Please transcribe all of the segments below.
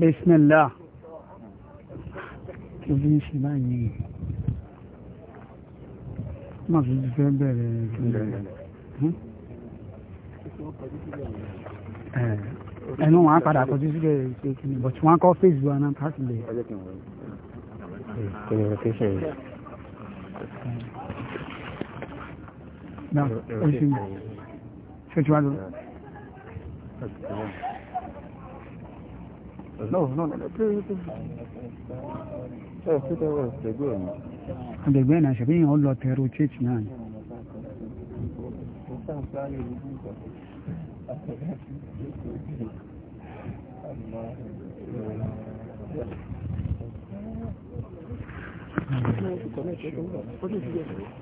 بسم الله bí ṣe bá ما máa fi fẹ́ bẹ̀rẹ̀ ẹnu wọn padà kọjú sílẹ̀ ìpèkìní but wọn kọ́ fèsì wọn náà kásìlẹ̀. Ṣé tí wá lọ? No, no, no, no, no, no, no, eh, no, no, no, no,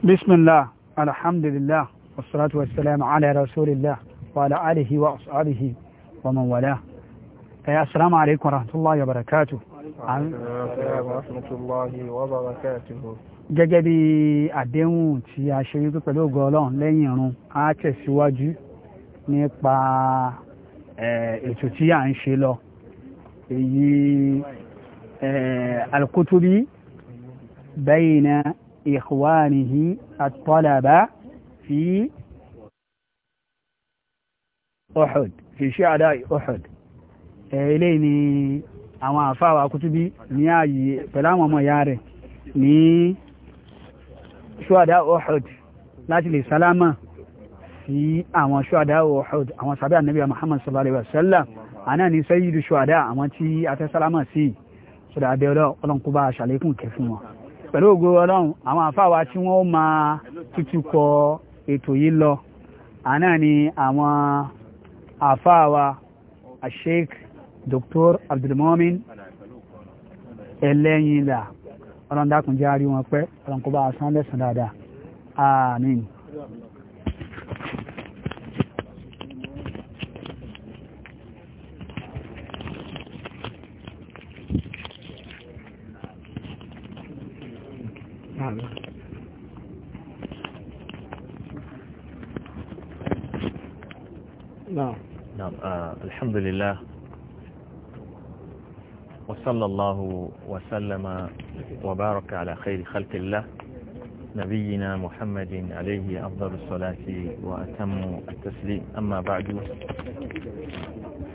بسم الله الحمد لله والصلاة والسلام على رسول الله وعلى آله وأصحابه ومن والاه السلام عليكم ورحمة الله وبركاته ورحمة الله وبركاته gẹ́gẹ́ bí àdéhùn tí a ṣe wípé pẹ̀lú ògo ọlọ́run lẹ́yìn irun a tẹ̀síwájú nípa ètò tí à ń ṣe lọ èyí alkutubi bayna ikhwanihi at fi Uhud fi shi'ada Uhud Eh, eléyìí ni àwọn àfáwà kútúbí ní ààyè pẹ̀lú àwọn ọmọ ìyá rẹ̀ ní ṣúàdá Uhud láti lè sálámà sí àwọn ṣúàdá Uhud àwọn sàbí ànábì Muhammad sallallahu alaihi wasallam àná ní sayyidu ṣúàdá àwọn tí a fẹ́ sálámà sí ṣọ̀dá abẹ́ ọlọ́run kó bá ṣàlékún kẹ fún wọn pẹ̀lú ògo ọlọ́run àwọn àfáwà tí wọ́n máa tútù kọ ètò yìí lọ àná ni àwọn àfáwà àṣeékì دكتور عبد المؤمن اللي لا أنا داكم جاري ومكوى أنا كوبا أسان لسا دادا آمين نعم نعم آه، الحمد لله وصلى الله وسلم وبارك على خير خلق الله نبينا محمد عليه أفضل الصلاة وأتم التسليم أما بعد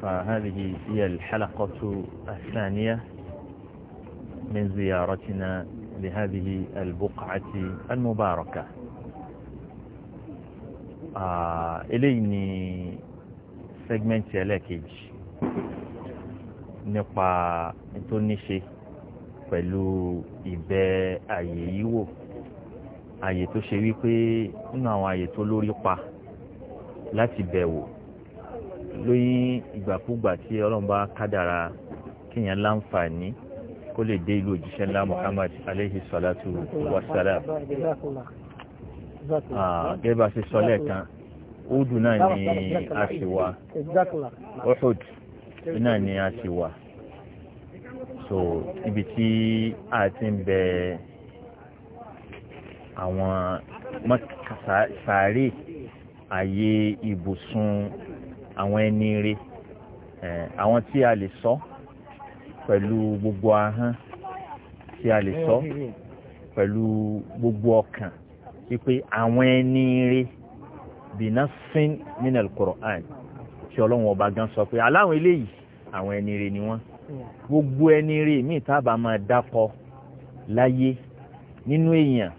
فهذه هي الحلقة الثانية من زيارتنا لهذه البقعة المباركة آه، إليني سيجمنت يلاكيج nípa tó níṣe pẹ̀lú ìbẹ àyè yìí wò àyè tó ṣe wípé nínú àwọn àyè tó lórí pa láti bẹ̀ wò lóyún ìgbàkúgbà tí ọlọ́run bá kádàrà kíyàn láǹfààní kó lè dé ìlú òjíṣẹ́ ńlá Muhammad aleyhi salatu wasala ah, gẹ́gẹ́ bá ṣe sọ lẹ́ẹ̀kan Udu náà ni a ṣe wa Uhud náà ni a ti wà so ibi tí a ti ń bẹ àwọn sàárè àyè ibùsùn àwọn ẹni rè àwọn tí a lè sọ pẹ̀lú gbogbo ahọ́n tí a lè sọ pẹ̀lú gbogbo ọkàn wípé àwọn ẹni rè bìnnà sin minal Qur'an tí ọlọ́run ọba gan sọ pé aláwọn eléyìí àwọn ẹni rè ni wọ́n gbogbo ẹni rè mí tábà máa dákọ láyé nínú èèyàn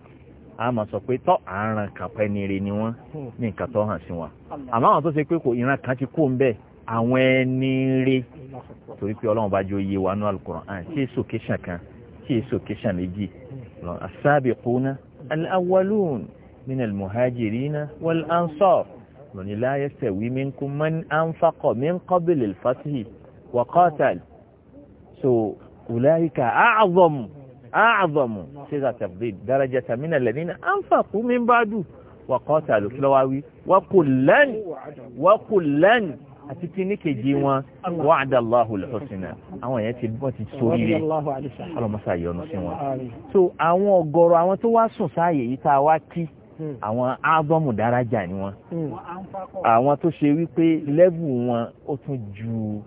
a máa sọ pé tọ́ àárán kàpẹ́ ni rè ni wọ́n ní nǹkan tó hàn sí wọn àmọ́ àwọn tó ṣe pé kò ìran kan ti kó ń bẹ́ẹ̀ àwọn ẹni rè torí pé ọlọ́run bá jọ yé wa nú Al-Qur'an tí èso kéṣàn kan tí èso kéṣàn méjì as-sabiquna al-awwalun muhajirina wal wọ́n ní la yastawi minkum man anfaqa min qabli al-fathi wa qatal so ulaika a'zamu a'zamu ṣíṣà tabdil darajatan min alladhina anfaqu min ba'du wa qatalu kí lọ́wọ́ wí wa kullan wa kullan àti kíní kejì wọn wa'ada Allahu al-husna àwọn èèyàn ti wọ́n ti so ire ọlọ́mọṣà yọnu sí wọn so àwọn ọ̀gọ̀rọ̀ àwọn tó wá sùn sáàyè yìí tá a wá kí Hmm. àwọn ábọ́mù dárájà ni wọn hmm. àwọn tó ṣe wípé lẹ́bù wọn ó tún ju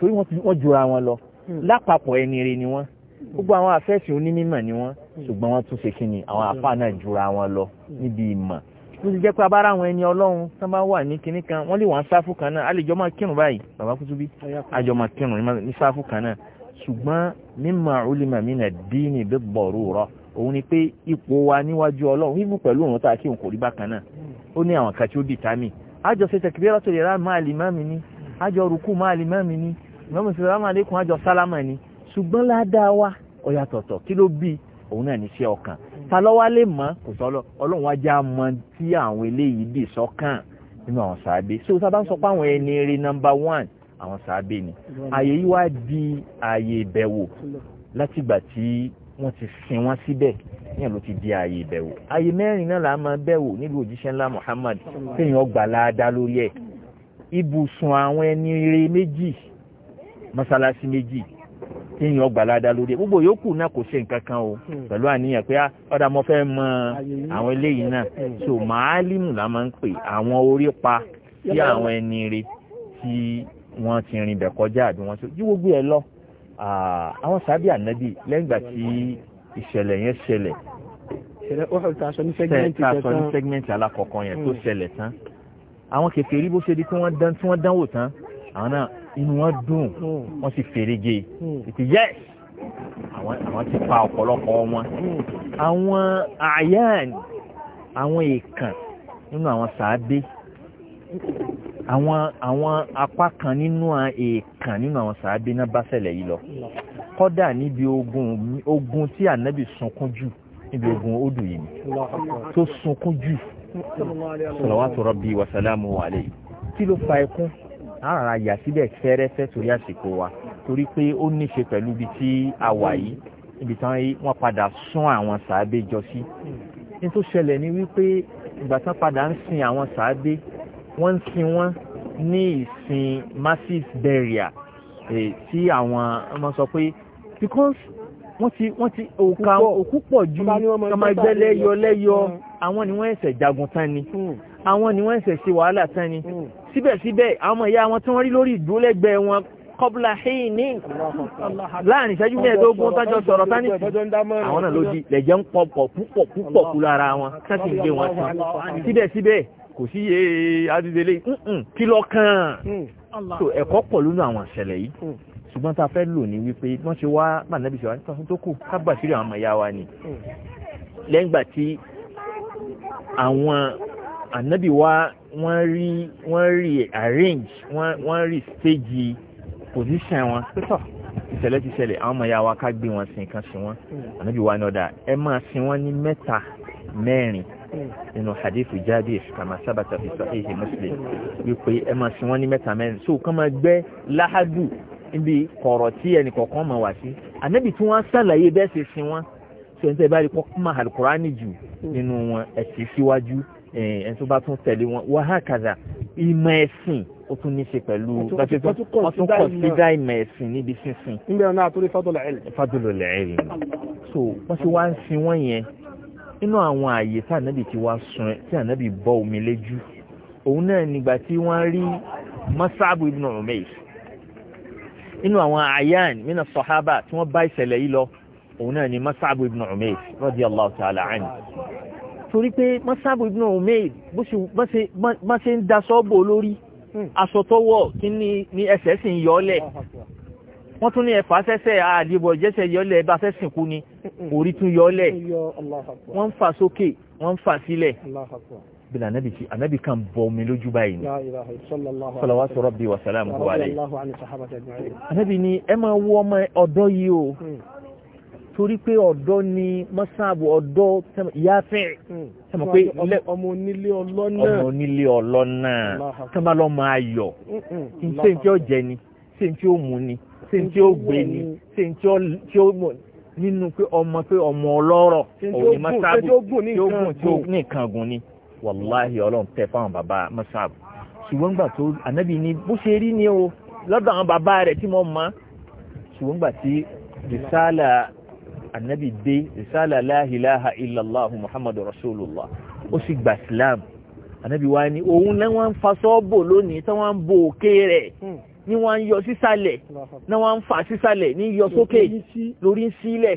torí wọ́n jura wọn lọ hmm. lápapọ̀ ẹni rẹ ni wọn gbogbo àwọn afẹ́sìn onímọ̀ ni wọn ṣùgbọ́n wọ́n tún ṣe kí ni àwọn afá náà jura wọn lọ níbi ìmọ̀ ló ti jẹ́ pé abára àwọn ẹni ọlọ́run tán bá wà ní kinní kan wọ́n lè wà sáfù kan náà a máa kírun báyìí bàbá kútúbí àjọ máa kírun ní sáfù kan náà ṣùgbọ́n mímọ̀ olùmọ̀ mi nà dín ní bí bọ̀rù rọ̀ òun ni pé ipò wa níwájú ọlọ́run wíwú pẹ̀lú òun tá a kí òun kò rí bákan náà ó ní àwọn kan tí ó dìtámì àjọ ṣe tẹ̀kìbíyà tó lè máa lè má mi ní àjọ rúkú máa lè má mi ní mọ́mọ́ sí rámà lẹ́kùn àjọ sálámà ni ṣùgbọ́n ládàá wa ọ̀yà tọ̀tọ̀ kí ló bí òun náà níṣẹ́ ọkàn ta lọ́wọ́ lè mọ́ kò sọ́lọ́ ọlọ́run wájà mọ tí àwọn eléyìí dì sọ́kàn nínú àwọn sàábé so tá ń sọ pé àwọn ẹni eré nọmba one àwọn sàábé ni àyè yìí wá di àyè ìbẹ̀wò látìgbà tí wọ́n ti sin wọ́n síbẹ̀ ní ẹ̀lú ti di ààyè ìbẹ̀wò ààyè mẹ́rin náà la máa bẹ̀wò nílùú òjíṣẹ́ ńlá Muhammad fíyàn ọgbà láadá lórí ẹ̀ ibùsùn àwọn ẹni rere méjì mọ́sálásí méjì fíyàn ọgbà láadá lórí ẹ̀ gbogbo yòókù náà kò ṣe nǹkan kan o hmm. pẹ̀lú àníyàn pé ah, ọ̀dà mo fẹ́ mọ àwọn eléyìí náà so màálìmù la máa ń pè àwọn orí pa sí àwọn ẹni rere tí wọ́n ti rìn bẹ̀ kọjá àbí wọ́n ti ju gbogbo ẹ̀ lọ àwọn sábì ànábì lẹ́yìn ìgbà tí ìṣẹ̀lẹ̀ yẹn ṣẹlẹ̀ ṣẹlẹ̀ ní sẹ́gmẹ́ntì alákọ̀ọ́kọ́ yẹn tó hmm. ṣẹlẹ̀ tán àwọn kèfèrí bó ṣe di tí wọ́n dán tí wọ́n dánwò tán àwọn náà inú wọn dùn hmm. wọ́n sì fèrègé ìpè hmm. yẹ́s àwọn ti pa ọ̀pọ̀lọpọ̀ wọn àwọn àyàn àwọn èèkàn nínú àwọn sàádé àwọn àwọn apá kan nínú èèkàn nínú àwọn sàábé náà bá ṣẹlẹ̀ yìí lọ kọ́dà níbi ogun ogun tí ànábì sunkún jù níbi ogun odù yìí tó sunkún jù sọlọ́wọ́tò rọ́bì wàsálàmù wàlẹ̀ kí ló fa ẹkún àràrà yà síbẹ̀ fẹ́rẹ́fẹ́ torí àsìkò wa torí pé ó níṣe pẹ̀lú ibi tí a wà yìí ibi tí wọ́n padà sún àwọn sàábé jọ sí ní tó ṣẹlẹ̀ ni wípé ìgbà tán padà ń sin àwọn sàábé wọ́n ń sin wọ́n ní ìsìn massive burial tí àwọn ọmọ sọ pé because wọ́n ti wọ́n ti òkà òkú pọ̀ ju ọmọ ẹgbẹ́ lẹ́yọ lẹ́yọ hmm. àwọn ni wọ́n ẹ̀sẹ̀ jagun tán ni hmm. àwọn ni wọ́n ẹ̀sẹ̀ ṣe wàhálà tán ni hmm. síbẹ̀síbẹ̀ àwọn ìyá wọn tí wọ́n rí lórí ìdúrólẹ́gbẹ̀ẹ́ wọn kọbla hìn ní láàrin ìṣẹ́jú mẹ́ẹ̀ẹ́dógún tọ́jọ́ sọ̀rọ̀ tání àwọn náà ló di lẹ̀jẹ̀ ń pọ̀pọ̀ púpọ̀ púpọ̀ kú lára wọn kásì ń gbé wọn tán síbẹ̀síbẹ̀ kò sí yé adídélé kí lọ kàn mm. so ẹ̀kọ́ pọ̀ lónú àwọn ìṣẹ̀lẹ̀ yìí mm. ṣùgbọ́n tá a fẹ́ lò ní wípé wọ́n ṣe wá mànàbí ṣe wá nípa tó kù kábà sílẹ̀ àwọn ọmọ wa ni mm. lẹ́yìn ìgbà tí àwọn ànábì wa wọ́n rí wọ́n rí arrange wọ́n rí stage position wọn pẹ́tọ̀ ìṣẹ̀lẹ̀ ti ṣẹlẹ̀ àwọn ọmọ wa ká gbé wọn sí nǹkan sí wọn ànábì wa ní ọ̀dà ẹ máa sin wọn ní mẹ́ta mẹ́rin nínú hadithu jáde kama sábàtà fi sahihi muslim wípé ẹ máa sin wọn ní mẹ́ta mẹ́rin so kama máa gbẹ́ láhádù níbi kọ̀rọ̀ tí ẹnìkọ̀ọ̀kan máa wà sí ànábì tí wọ́n sàlàyé bẹ́ẹ̀ ṣe sin wọn so ẹni tẹ́ bá rí kọ́ máa alukurani jù nínú wọn ẹ̀sìn síwájú ẹni tó bá tún tẹ̀lé wọn wàhákàdà ìmọ̀ ẹ̀sìn ó tún ní ṣe pẹ̀lú ọtún kọ̀sídà ìmọ̀ ẹ̀sìn níbi sínsìn. nígbà náà àtúndì fàdúlọ̀ ẹ̀rì. fàdúlọ̀ ẹ̀rì so wọ́n ti wá ń sin wọ́n yẹn inú àwọn àyè tí ànábì ti wá sun ẹ tí ànábì bọ́ omi lẹ́jú òun náà nígbà tí wọ́n rí masabu ibn umeir inú àwọn ayan mina sahaba tí wọ́n bá ìṣẹ̀lẹ̀ yìí lọ òun náà ni masabu ibn umeir radiyallahu ta'ala anhu torí pé masabu ibn umeir bó ṣe ń daṣọ́ bò lórí hmm. aṣọ tó wọ̀ kí ni ẹsẹ̀ sì ń yọ ọ́ lẹ̀ wọ́n tún ní ẹ̀fà sẹ́sẹ̀ àdìbò jẹ́sẹ̀ yọlẹ̀ ẹ̀bá sẹ́sìn kú ni orí tún yọlẹ̀ wọ́n ń fà sókè wọ́n ń fà sílẹ̀ bíi anabi ti anabi kan bọ omi lójú báyìí ni salawatu rabbi wa salamuhu alayhi anabi ni ẹ máa wọ ọmọ ọ̀dọ́ yìí o hmm. torí pé ọ̀dọ́ ni mọ́sáàbù ọ̀dọ́ yáfẹ́ tẹ́mọ̀ hmm. pé ọmọ onílé ọlọ́nà ọmọ onílé ọlọ́nà tẹ́mọ̀ lọ́ máa yọ̀ hmm, kí n ṣé n tí ó mú ni ṣé n tí ó gbé ni ṣé n tí ó mú nínú pé ọmọ pé ọmọ ọlọ́rọ̀ òní masáàbù tí ó gùn tí ó nìkan gùn ni wàláhì ọlọ́run tẹ fáwọn bàbá masáàbù ṣùgbọ́n gbà tó ànábì ni bó ṣe rí ni o lọ́dọ̀ àwọn bàbá rẹ̀ tí mo mọ̀ ṣùgbọ́n gbà tí rìsáàlà ànábì dé rìsáàlà la ilaha illallah muhammadu rasulullah ó sì gbà islam ànábì wa ni òun náà ń fa sọ́ọ̀bù lónìí tí wọ́n ń bo òkè rẹ̀ hmm ni wọ́n ń yọ sísàlẹ̀ ni wọ́n ń fà sísàlẹ̀ ní yọ sókè lórí ń sílẹ̀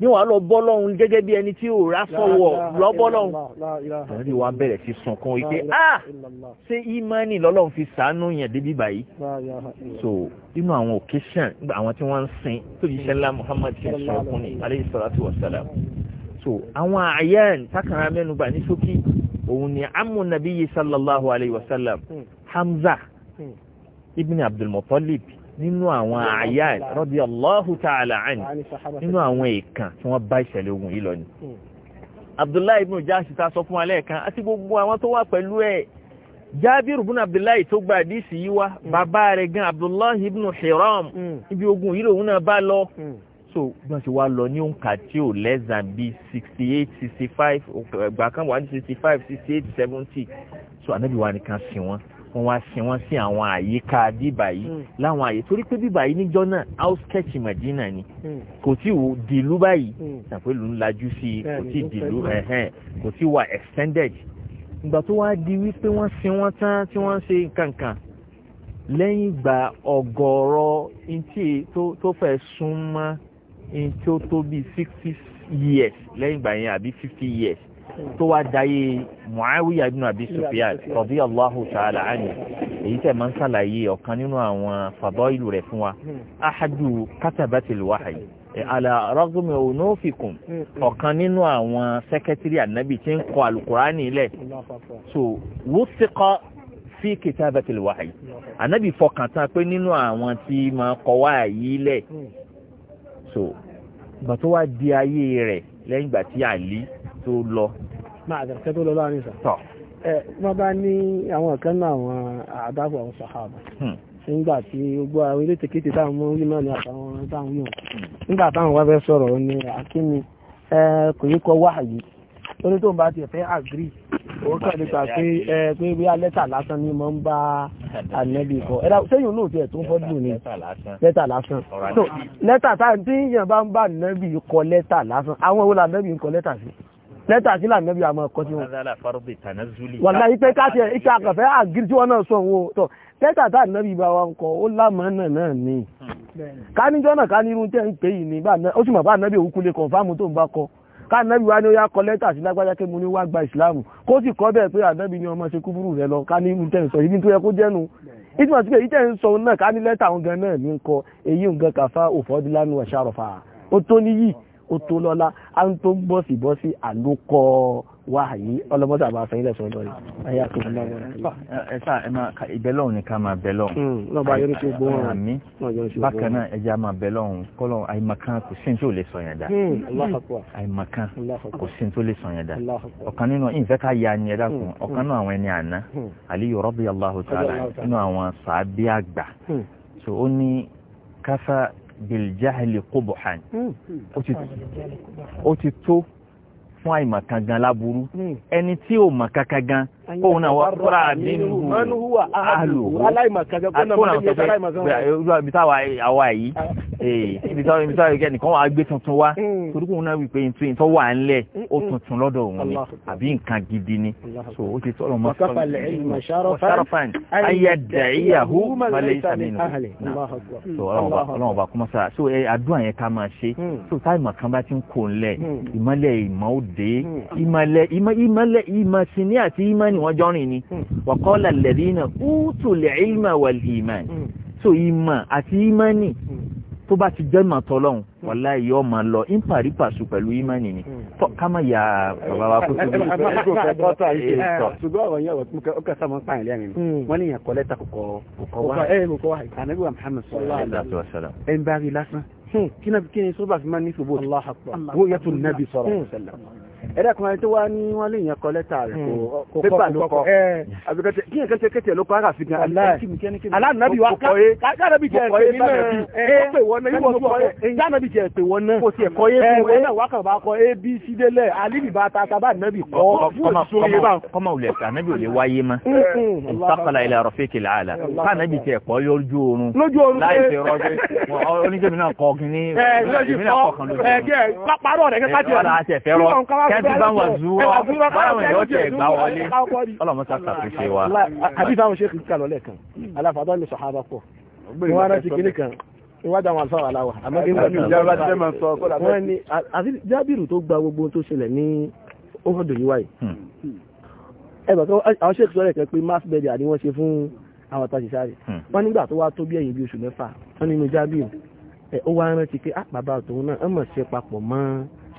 ní wàá lọ bọ́ lọ́hùn gẹ́gẹ́ bí ẹni tí ò rá sọ̀wọ̀ lọ bọ́ lọ́hùn. àwọn ìwà bẹ̀rẹ̀ sí sunkún wípé ah ṣé imani lọ́lọ́run fi sàánú yẹn débi báyìí. so nínú àwọn occasion àwọn tí wọ́n ń sin tó yìí ṣẹlá Muhammad ṣe sunkún ní aleyhi salatu wa salam. so àwọn àyàn takara mẹ́nuba ní ṣókí òun ni amu nabiyyi sallallahu alayhi wa sallam hmm. Hamza hmm ibn abdulmutalib nínú àwọn àyà radiyallahu ta'ala anhu nínú àwọn èèkàn tí wọ́n bá ìṣẹ̀lẹ̀ ogun yìí lọ ni hmm. abdullahi ibn jahsh ta sọ fún alẹ́ kan àti gbogbo àwọn tó wà pẹ̀lú ẹ̀ jábìrù bùn abdullahi tó gba àdísì yìí wá hmm. bàbá rẹ̀ gan abdullahi ibn hiram ibi hmm. ogun yìí lòun náà bá lọ so gbọ́n ṣe wá lọ ní òǹkà tí ò less than bí sixty eight sixty five ẹgbàá kan wà ní sixty five sixty eight seventy so ànábì wa nìkan sí wọn wọ́n wá sin wọ́n sí àwọn àyíká bíbà yìí hmm. láwọn àyè torí pé bíbà yìí níjọ́ náà outsketch Madina ni hmm. kò tí ò dìlú báyìí hmm. ṣàpèlú ńlájú sí i kò tí dìlú kò tí wà extended ìgbà tó wá di wípé wọ́n sin wọ́n tán tí wọ́n ṣe kankan lẹ́yìn ìgbà ọ̀gọ̀rọ̀ ntí tó fẹ́ sún ntí ó tó bíi sixty years lẹ́yìn ìgbà yẹn àbí fifty years tó wá dayé muawiya ibn abi sufyan radiyallahu ta'ala anhu èyí tẹ̀ máa ń sàlàyé ọ̀kan nínú àwọn fadailu rẹ̀ fún wa ahadu katabatil wahyi ala ragmi unufikum hmm. ọ̀kan nínú àwọn sẹ́kẹ́tìrì ànábì tí ń kọ alukurani lẹ̀ so wuthiqa fi kitabatil wahyi ànábì fọkàn tán pé nínú àwọn tí máa kọ wáyé lẹ̀ hmm. so gbàtọ́ wá di ayé rẹ̀ lẹ́yìn ìgbà tí àlí tó lọ. máa àjẹ́ kẹ́ tó lọ láàrin sà. tọ́ ẹ wọ́n bá ní àwọn kan náà àwọn àdáàbò àwọn sàhábà hmm. nígbà tí gbogbo àwọn ilé tèkéte táwọn mọ orí náà ní àtàwọn táwọn yàn hmm. nígbà táwọn wá fẹ́ sọ̀rọ̀ ní akínni kò yí kọ wáàyè torí tó ń bá tiẹ̀ fẹ́ àgírí ó kàn nípa pé ẹ pé bí alẹ́tà lásán ni mo ń bá ànẹ́bí kọ ẹ̀dá sẹ́yìn olóòtú ẹ̀ tó ń fọ́dún ni lẹ́tà lásán so lẹ́tà tí yàn bá ń bá ànẹ́bí kọ lẹ́tà lásán àwọn wo lànẹ́bí ń kọ lẹ́tà sí lẹ́tà sí lànàbí àmọ́ ọkọ̀ tí wọ́n wà láyé pé káṣẹ ìka àkàfẹ́ àgírí tí wọ́n náà sọ owó tọ̀ lẹ́tà tá ànàbí bá wa ń kọ ó lámọ́nà náà ni káníjọ́ náà ká nírú tẹ́ ń pè yìí ní ó sì mọ̀ bá ànàbí òkú lè kọ̀ǹfàmù tó ń bá kọ káànábì wá ní ó yá kọ lẹ́tà sí lágbájá pé mo ní wá gba ìsìláàmù kó sì kọ́ bẹ́ẹ̀ pé ànábì ni ọmọ ṣe kúbúrú rẹ lọ ká ní irú tẹ̀ ń sọ ibi tó yẹ kó jẹ́nu ìtumọ̀ sí pé èyí ń sọ náà ká ní lẹ́tà òun gan náà ní ń kọ èyí òun gan kàfá òfòdìlánú ẹ̀ṣàròfà ó tó níyì ó tó lọ́lá á ń tó bọ́sì bọ́sì àlókọ wá yìí ọlọ́mọdé àbá sọ ilẹ̀ sọ́dọ̀ rẹ̀ ayé àti ìlú ọlọ́run. ẹ sá ẹ máa ìbẹ́lẹ̀ òun ni ká máa bẹ́lẹ̀ òun. náà bá yọrí tó gbóhùn rẹ̀ mí bákan náà ẹja máa bẹ́lẹ̀ òun kọ́lọ̀ àìmọ̀kan kò sí ní tó lè sọ yẹn dá. Hmm, àìmọ̀kan kò sí ní tó lè sọ yẹn dá. ọ̀kan nínú ìfẹ́ ká ya ni ẹ dákun hmm, hmm. ọ̀kan náà àwọn ẹni àná Aliyu radiyallahu ta'ala nínú àwọn sàábí àgbà so ó ní káfá biljahili kubuhan hmm. ó ti tó fún àìmọ̀kan gan láburú hmm. ẹni tí ò mọ̀ kankan gan kóun náà wọ́n kúrò nínú àlò àtúnà ibi táwa àwa yìí ah. eh, ibi táwa ibi táwa nìkan wà á gbé tuntun wá hmm. torí kóun náà wípé ntú ìtọ́ wà ń hmm, ó tuntun lọ́dọ̀ òun ni àbí nǹkan gidi ni so ó ti tọ́lọ̀ mọ́ sọ́ọ́ sárafan ayé dàíyàhú malẹ̀ ìsàmínú so ọlọ́run ọba kọ́mọ́sá so àdúrà yẹn ká máa ṣe so táìmọ̀ kan bá ti ń kó ń lẹ̀ ìmọ̀ dé ìmọ̀lẹ̀ ìmọ̀lẹ̀ ìmọ̀síní àti ìmọ̀ni wọ́n jọ́rìn ni hmm. wa qala alladhina utul ilma wal iman hmm. so ìmọ̀ àti ìmọ̀ni hmm. tó bá ti jẹ́ ìmọ̀ tọ́lọ́hún wàlá yìí ọ máa lọ ń parí pàṣù pẹ̀lú ìmọ̀ni ni tọ́ ká má ya bàbá wa kó síbi. Ah, ṣùgbọ́n ọ̀rọ̀ yẹn ó kẹ́ sọ́mọ́ pààyàn lẹ́yìn mi wọ́n ní yẹn kọ́ lẹ́tà kòkó eh, wá ànábì wa Muhammad kí ni sọ́ba fi máa ní ṣòbó wọ́n yẹ tó nàbì sallallahu alaihi ẹ̀dẹ́kùnrin tó wá ní wọ́n lè yàn kọ lẹ́tà rẹ̀ kò hmm. pépà ló kọ eh. àbíkẹ́tẹ̀ kí yẹn kẹ́tẹ̀ kẹ́tẹ̀ ló kọ́ ara fìgàn alánàbí wa kánàbí jẹ́ ẹ̀pẹ̀ nínú ẹ̀ ó eh. pè wọ́n náà yíwọ́ tó kọ́ kánàbí jẹ́ ẹ̀pẹ̀ wọ́n náà kò sí ẹ̀kọ́ yé fún eh, wọn náà wákàn bá kọ ab sídélẹ̀ alibi bá ta sábà nàbì kọ́ kọ́mọ òlẹ̀ kànábì òlẹ̀ wáyé ma ìsàkàlà ilẹ̀ rọ̀fẹ́ kìlà àlà kánàbì jẹ́ ẹ̀kọ́ lójú oorun láì fi rọ́ọ̀dẹ́ oníjẹ́mi náà kọ́ kí ní báwọn zuwọ́ báwọn yóò tẹ̀ gbá wọlé ọlọ́mọ sáà ṣe wa. àbí táwọn ṣe kìí kàlọ́ lẹ́ẹ̀kan aláfàdọ́ ni sọ̀hábà pọ̀ wọ́n ara ti kìíní kan ìwádà wọn àlùfáà aláwà àmọ́dé wọ́n ni àti jábìrù tó gba gbogbo tó ṣẹlẹ̀ ní ófòdò yíwá yìí hmm. ẹgbẹ̀ tó àwọn ṣèkì sọ́rẹ̀ kan pé mass media ni wọ́n ṣe fún àwọn tàṣìṣà rẹ̀ hmm. wọ́n nígbà tó wá tó bí ẹ̀yìn bí oṣù mẹ́fà wọ́n nínú jábìrù ó wá rántí pé ah, bàbá tòun náà ọmọ ṣe papọ̀ mọ́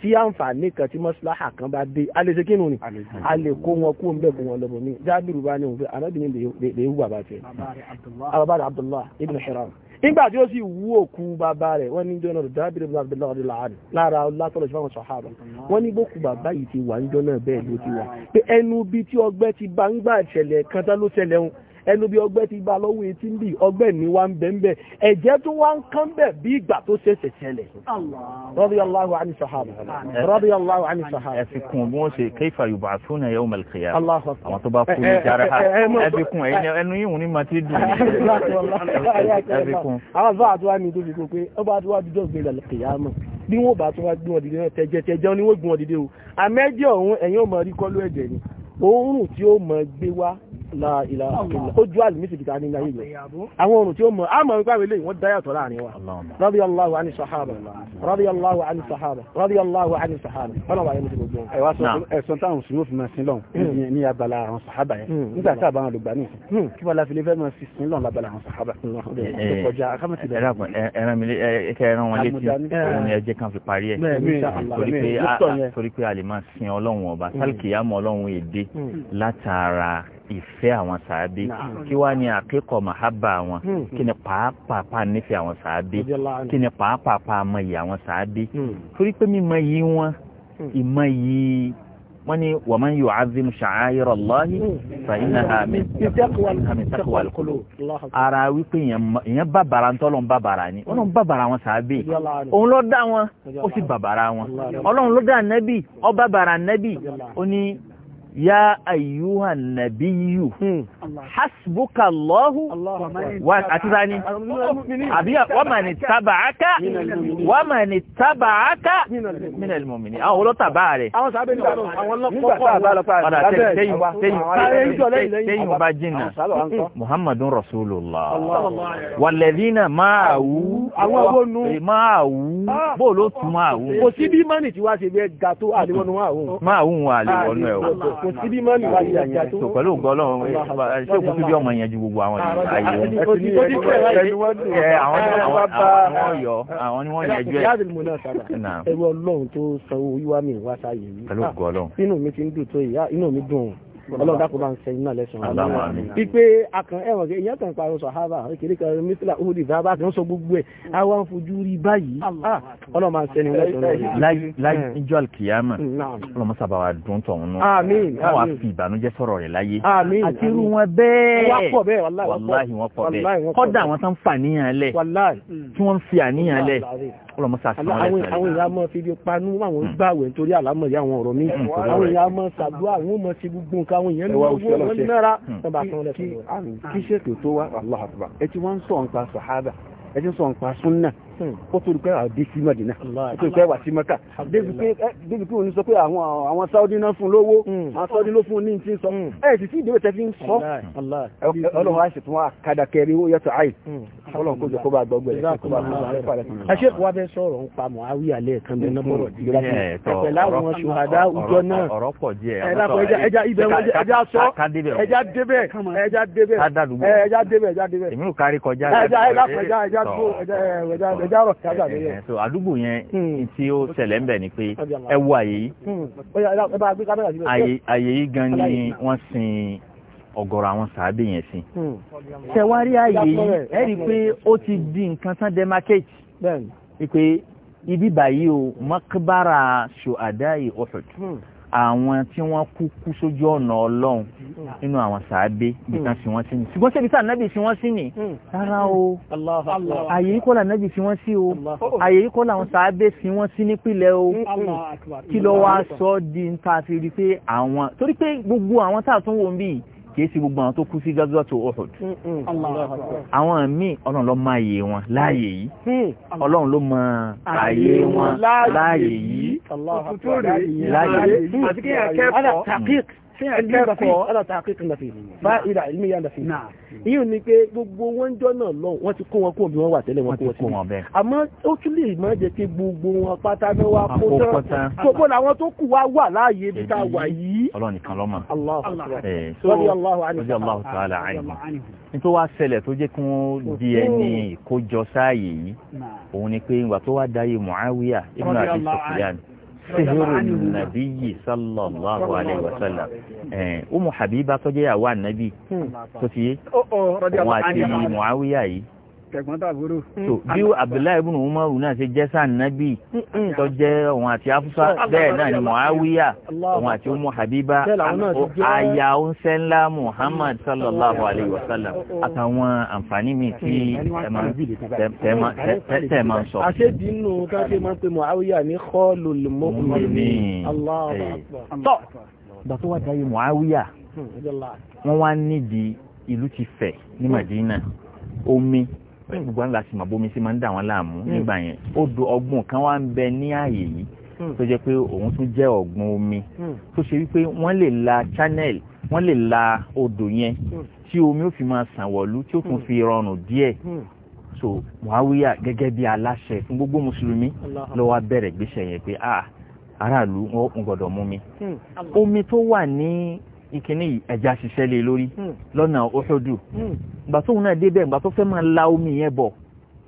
tí àǹfààní kan tí mọ́síláhà kan bá dé a lè ṣe kínú ni a lè kó wọn kó ń bẹ̀ wọn lọ́bọ̀ ní jábìrù bá ní òun pé arábìnrin lè wú bàbá tiẹ̀ ababari abdullah ibn hiram nígbà tí ó sì wú òkú bàbá abdullah ọdún láàrin lára látọ̀rọ̀ ìfọwọ́n sọ̀hábà wọ́n ní gbókù bàbá yìí ti wà ń jọ́nà bẹ́ẹ̀ ló ti wà pé ẹnu bí tí ọgbẹ́ ti bá ẹnu bí ọgbẹ́ ti bá lọ́wọ́ etí ń bì ọgbẹ́ ní wá ń bẹ̀ ń bẹ̀ ẹ̀jẹ̀ tó wá ń kán bẹ̀ bí ìgbà tó ṣẹ̀ṣẹ̀ ṣẹlẹ̀ radiyallahu ani sahaba radiyallahu ani sahaba. ẹ fi kún bí wọ́n ṣe kayfa yub'athuna yawm al-qiyamah àwọn tó bá kú ní jaraha ẹ fi kún ẹnu yìí ní ma ti dùn ẹ fi kún. àwọn àbá àtúwá ni tún wá gbọ́n dìde náà tẹ̀jẹ̀tẹ̀jẹ̀ ni gbọ́n dìde o àmẹ́jẹ̀ ọ̀hún ẹ̀yìn ò rí kọ́lú ẹ̀jẹ̀ ni òórùn tí ó mọ̀ gbé wá láìlà ojú àlùmísì kìtà ní ayé yìí àwọn ọ̀run tí ó mọ̀ á mọ̀ wípé àwọn eléyìí wọ́n dáyàtọ̀ láàrin wa radiyallahu anhu sahaba radiyallahu anhu sahaba radiyallahu anhu sahaba wọn wà yẹn ti gbogbo ẹ wá sọ ẹsùn táwọn sùn yóò fi máa sin lọ hmm. ní abala àwọn sahaba yẹn hmm. nígbà tá a bá wọn lò gbà ìfẹ́ àwọn sàábé kí wá ní àkíkọ̀ màhábà wọn hmm. kí ni pàápàá nífẹ̀ẹ́ àwọn sàábé kí ni pàápàá mọyì àwọn sàábé hmm. torí pé mímọ yìí wọn hmm. ìmọ̀ yìí wọ́n ní wa man yu'azzim sha'a'ira Allahi fa innaha min taqwa al-qulub ara wípé èèyàn bàbàrà ń tọ́lọ́ ń bàbàrà ni ọlọ́run bàbàrà wọn sàábì òun ló dá wọn ó sì bàbàrà wọn ọlọ́run ló dá nẹ́bì ó bàbàrà nẹ́bì ó ní ya ayyuhan nabiyyu hmm. hasbuka Allahu wa atizani abiya wa man taba'aka wa man taba'aka min almu'minin àwọn lo taba re àwọn sabe ni àwọn lo koko ba lo pa ara te te yin te yin ba jinna muhammadun rasulullah walladhina ma'ahu àwọn wonu eh, ma'ahu bo lo tu ma'ahu kò sí bí mani ti wa ṣe be ga to alewonu ma'ahu ma'ahu alewonu e o kò sí bí mọ́mí wá ìyá ìyá tó. pẹ̀lú ògbọ́ ọlọ́run ṣé òkú síbi ọmọ yẹn ju gbogbo àwọn àyè wọn. àwọn yọ àwọn ni wọ́n yẹ jẹ́. ẹ̀rọ ọlọ́run tó sanwó wíwá mi wá sáyé mi. pẹ̀lú ògbọ́ ọlọ́run. Ah, inú mi ti ń dùn tó ìyá ah, inú mi dùn ọlọ́run dákò bá ń sẹ́yìn náà lẹ́sàn-án pípé akàn ẹ̀wọ̀n èèyàn kan parọ́ sọ̀hábà kékeré kan mísílà òhùdì dábà kan sọ gbogbo ẹ̀ àwa ń fojú rí báyìí ah, ọlọ́run máa ń sẹ́yìn lẹ́sàn-án láì níjọ́ hmm. alkiyama hmm, ọlọ́run sábà wà dùn tọ̀hún náà wọ́n wá fi ìbànújẹ́ sọ̀rọ̀ rẹ̀ láyé àti irú wọn bẹ́ẹ̀ kọ́dà wọn tán fà lẹ̀ tí wọ́n fi àníyàn lẹ̀ ọlọmọsá àwọn èèyàn máa fi ibi panú àwọn hmm. gbàwẹ̀ nítorí àlámọ̀rí àwọn ọ̀rọ̀ mi àwọn èèyàn máa ṣàdúrà àwọn máa ṣe gbogbo nǹkan àwọn èèyàn ní owó wọn nára tọba kan lẹ́sùn lọ. kí ṣètò tó wá aláhàtúbà ẹ ti wá ń sọ̀ ń pa sàhábà ẹ ti ń sọ̀ ń pa súnnà kó hmm. tó pé àwọn dé sí Mọ̀dínà kó tó pé wà sí Mọ́kà débi pé eh, òní sọ pé àwọn Saudi náà fún lówó hmm. àwọn Saudi ló fún ní ti ń sọ ẹ̀ hmm. eh, sì sí ìdíwẹ̀ tẹ́ fi ń sọ eh, ọlọ́run àṣẹ tí wọ́n kàdà kẹrí ó yẹtọ̀ àì ọlọ́run kó jọ kó bá gbọ́gbọ́ ẹ̀ kó bá gbọ́gbọ́ ẹ̀ padà. àṣẹ wa bẹ sọ̀rọ̀ ń pa Muawiya alẹ́ kan bẹ nọbọrọ ti gbà pẹ̀lú járọ̀ sí ájà eh, eh, lẹ́yìn. Eh, so àdúgbò yẹn hmm. tí ó ṣẹlẹ̀ ń bẹ̀ ni pé hmm. ẹ wo àyè yìí hmm. àyè yìí gan ni wọ́n sin ọ̀gọ̀rọ̀ àwọn sàábì yẹn sí. ṣẹ̀wárí àyè yìí ẹ rí i pé ó ti di nǹkan tán demarcate wípé ibi báyìí o makbara ṣùhàdá Uhud àwọn tí wọ́n kú kú sójú ọ̀nà ọlọ́run nínú àwọn sàábé ibi kan sí wọ́n sí ni ṣùgbọ́n ṣe ibi tá ànábì sí wọ́n sí ni hmm. rárá o àyè yìí kọ́ là ànábì sí wọ́n sí o àyè yìí kọ́ là àwọn sàábé sí wọ́n sí nípìnlẹ̀ o hmm. kí ló wá sọ di ń ta fi rí pé àwọn torí pé gbogbo àwọn tá a tún wò ń bì kìí sí gbogbo àwọn tó kú sí gázúwà tó Uhud àwọn míì ọlọ́run ló mọ ààyè wọn láàyè yìí ọlọ́run ló mọ ààyè wọn láàyè yìí láàyè yìí ẹlẹ́kọ̀ọ́ fáìlà ìlmíyà lọ sí i yíò ní pé gbogbo wọn jọ lọ wọ́n ti kó wọn kó bí wọ́n wà tẹ́lẹ̀ wọn kó wọn sí àmọ́ ó tún lè má jẹ́ kí gbogbo wọn pátá náà wá kó tán gbogbo làwọn tó kù wá wà láàyè bí tá wà yìí ọlọ́nìkan lọ́mọ ọlọ́ọ̀tí wá ṣẹlẹ̀ tó jẹ́ kí wọ́n di ẹni ìkójọ sáàyè yìí òun ni pé ìgbà tó wá dáyé Muawiya ibn Abi Sufyan sihiru nabi sallallahu alayhi wa sallam umu habiba tó jẹ́ yàwó anabi hmm. tó ti yé oh, oh, àti muawiya yìí tẹ̀gbọ́n tàbúrò. so bí hmm. abdullahi ibùnú umaru náà ṣe jẹ́ sànnábì hmm. tó jẹ́ òun àti afusa bẹ́ẹ̀ náà ni muawiya òun àti umu habiba aya ounṣẹ́ ńlá muhammad sallallahu alayhi wa sallam oh, oh, oh. àtàwọn àǹfààní mi tí tẹ̀ máa ń sọ. àṣẹ́bí nù ká ṣe máa ń pe muawiya ní khalul mu'minin. tọ́ gbàtọ́ wá dáyé muawiya hmm, wọ́n wá nídìí ìlú ti fẹ̀ ní madina omi gbogbo àwọn láti màbó mi sí máa ń dà wọ́n láàmú hmm. nígbà yẹn do ọgbọ́n kan wá ń bẹ ní ààyè yìí hmm. tó jẹ́ pé òun tún jẹ́ ọ̀gbun omi hmm. tó ṣe wípé wọ́n lè la channel wọ́n lè la odò yẹn tí omi ó fi máa sàn wọ̀lú tí ó tún fi rọrùn díẹ̀ so muawiya gẹ́gẹ́ bí aláṣẹ fún gbogbo mùsùlùmí ló wá bẹ̀rẹ̀ gbéṣẹ́ yẹn pé ah, aráàlú wọn gbọ́dọ̀ mú mi omi tó wà ní ìkíní ẹja ṣiṣẹ́ lé lórí hmm. lọ́nà òṣòdù hmm. ìgbà tóun náà débẹ̀ ìgbà tó fẹ́ máa la omi yẹn bọ̀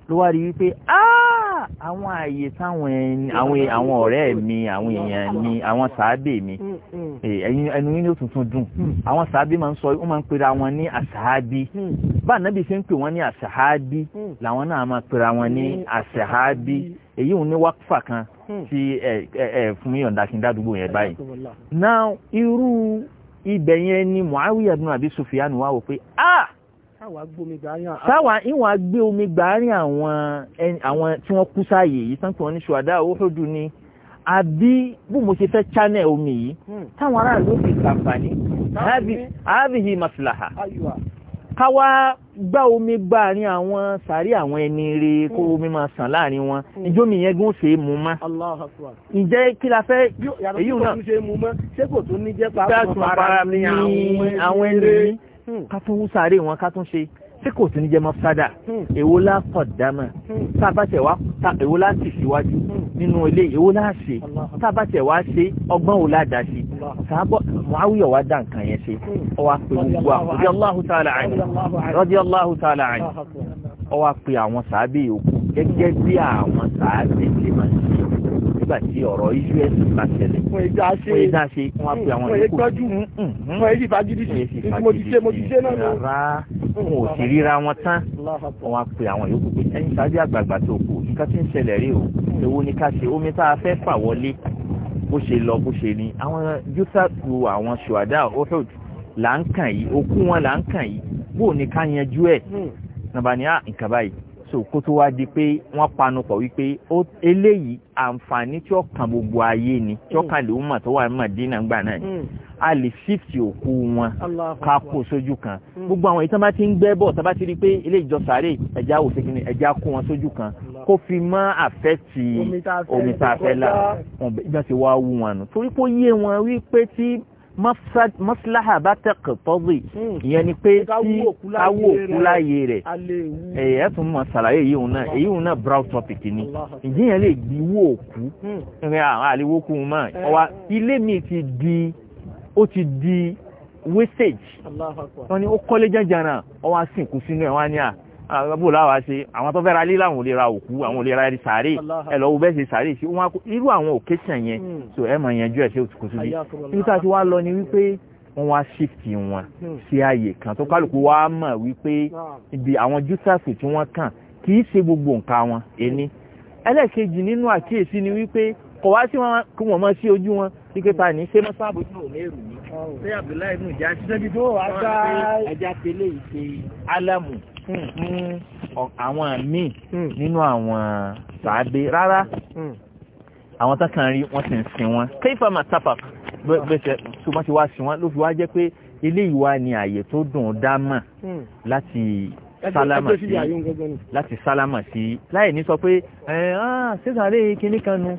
ló wá rí wípé ah! àwọn ààyè táwọn àwọn ọ̀rẹ́ mi àwọn èèyàn mi àwọn sàábè mi hmm, eh, ẹnu yín ló tuntun dùn àwọn sàábè máa ń sọ wọ́n máa ń pera wọn ní àsàábì bá ànábì ṣe ń pè wọ́n ní àsàábì làwọn náà máa pera wọn ní àsàábì èyí ò ní wákùfà kan tí ẹ ẹ fún yọ̀ǹda kí n dádúgbò yẹn báyìí. now irú ibẹ̀ yẹn ni Muawiya ibn Abi Sufyan wá wò pé ah sáwà ìwọ̀n agbé omi gbàárín àwọn tí wọ́n kú sáàyè yìí tán pé wọ́n ní ṣùwádà Uhudu ni àbí bó mo ṣe fẹ́ channel omi yìí hmm. táwọn aráàlú fi kàǹfààní hmm. maslaha káwá gbá omi gbá àárín àwọn sàárì àwọn ẹni rè kó hmm. omi máa sàn láàrin wọn ìjọ hmm. mi yẹn gún ṣe é mu mọ́. ǹjẹ́ kí la fẹ́ èyí náà ṣé kò tún ní jẹ́ pàápàá ní àwọn ẹni hmm. ká tún sàárì wọn ká tún ṣe tí kò sí ní jẹ́ mọ́sádà hmm. èwo la kọ̀dámọ̀ hmm. tábàtẹ̀ wá èwo la sì síwájú hmm. nínú ilé èwo la ṣe tábàtẹ̀ wá ṣe ọgbọ́n wo la dà sí sábọ̀ Muawiya wá dá nǹkan yẹn ṣe ọwá pé gbogbo àwọn radiyallahu ta'ala ta'ala anhu ọwá pé àwọn sàábì yòókù gẹ́gẹ́ bí àwọn sàábì ṣe máa ṣe nígbà tí ọ̀rọ̀ iṣu ẹ̀sìn bá ṣẹlẹ̀ wọ́n yé dá ṣe wọ́n á àwọn yòókù wọ́n yé tọ́jú wọ́n yé sì fagídí sí mo ti ṣe mo ti ṣe náà wọn ò sì ríra wọn tán wọn á pe àwọn yòókù pé ẹ̀yin sáájú àgbààgbà tó kù nǹkan tí ń ṣẹlẹ̀ rí o èwo ni ká ṣe omi tá a fẹ́ fà wọlé bó ṣe lọ bó ṣe ni àwọn jùsàkù àwọn ṣùwádà ọ̀hún là ń kàn yìí okú wọn là ń kàn yìí bó o ká yanjú ẹ̀ hmm. nàbàní à ah, nǹkan báyìí so kó tó wá di pé wọ́n panupọ̀ wípé eléyìí àǹfààní tí ó kan gbogbo ayé ni tí ó kan lèwọ́n mọ̀ tó wà ní Madina gbà náà ni mm. a lè fífì òkú wọn ká kó sójú kan mm. gbogbo àwọn ìtàn bá ti ń gbẹ́ bọ̀ tá bá ti rí pé ilé ìjọsàárè ẹja òsè kìíní ẹja kó wọn sójú kan kó fi mọ́ àfẹ́tì omi tá a fẹ́ là ìjọsìn wa wù wọn nù torí pé yé wọn wípé tí maslaha bá tẹ́kọ̀ tọ́bí ìyẹn ni pé tí káwó òkú láyé rẹ̀ ẹ̀yẹ́ tún mọ̀ sàlàyé yìí òun náà èyí òun náà brow topic ni ìjìyàn lè gbí mi ti di ó ti di wastage wọ́n ni ó kọ́lé jẹ́jẹ́ náà ọwá sìnkú sínú ẹ̀ ní àgbàbò láwa ṣe àwọn tó fẹ́ ra lílà hmm. àwọn ò lè ra òkú àwọn ò lè ra ẹni sàárè ẹ bẹ́ẹ̀ ṣe sàárè sí wọn irú àwọn occasion yẹn hmm. so ẹ mọ̀ yẹn ju ẹ̀ ṣe òtùkù síbi ibi tá a ti wá lọ ni wípé wọ́n wá shift wọn hmm. sí ààyè kan tó kálukú wá mọ̀ wípé ibi àwọn júsàfù tí wọ́n kàn kì í ṣe gbogbo nǹkan wọn ẹni ẹlẹ́ẹ̀kejì nínú àkíyèsí ni wípé kò wá sí wọn kí wọ́n mọ̀ sí ojú wọn kíkẹ́ tí òun èrò ní ṣé Abdullahi ibùdó ajá ṣe ẹja pélé ìṣe alámù àwọn míì hmm. nínú àwọn sàábé rárá hmm. àwọn tán kan rí wọ́n sì ń sin wọn kéfà máa tápà gbèsè tó bá ti wá sin wọn ló fi wá jẹ́ pé ilé ìwà ni àyè tó dùn dá mọ̀ hmm. láti sálámà sí láti sálámà sí láì ní sọ pé ah, ṣéṣàrè kínní kan nu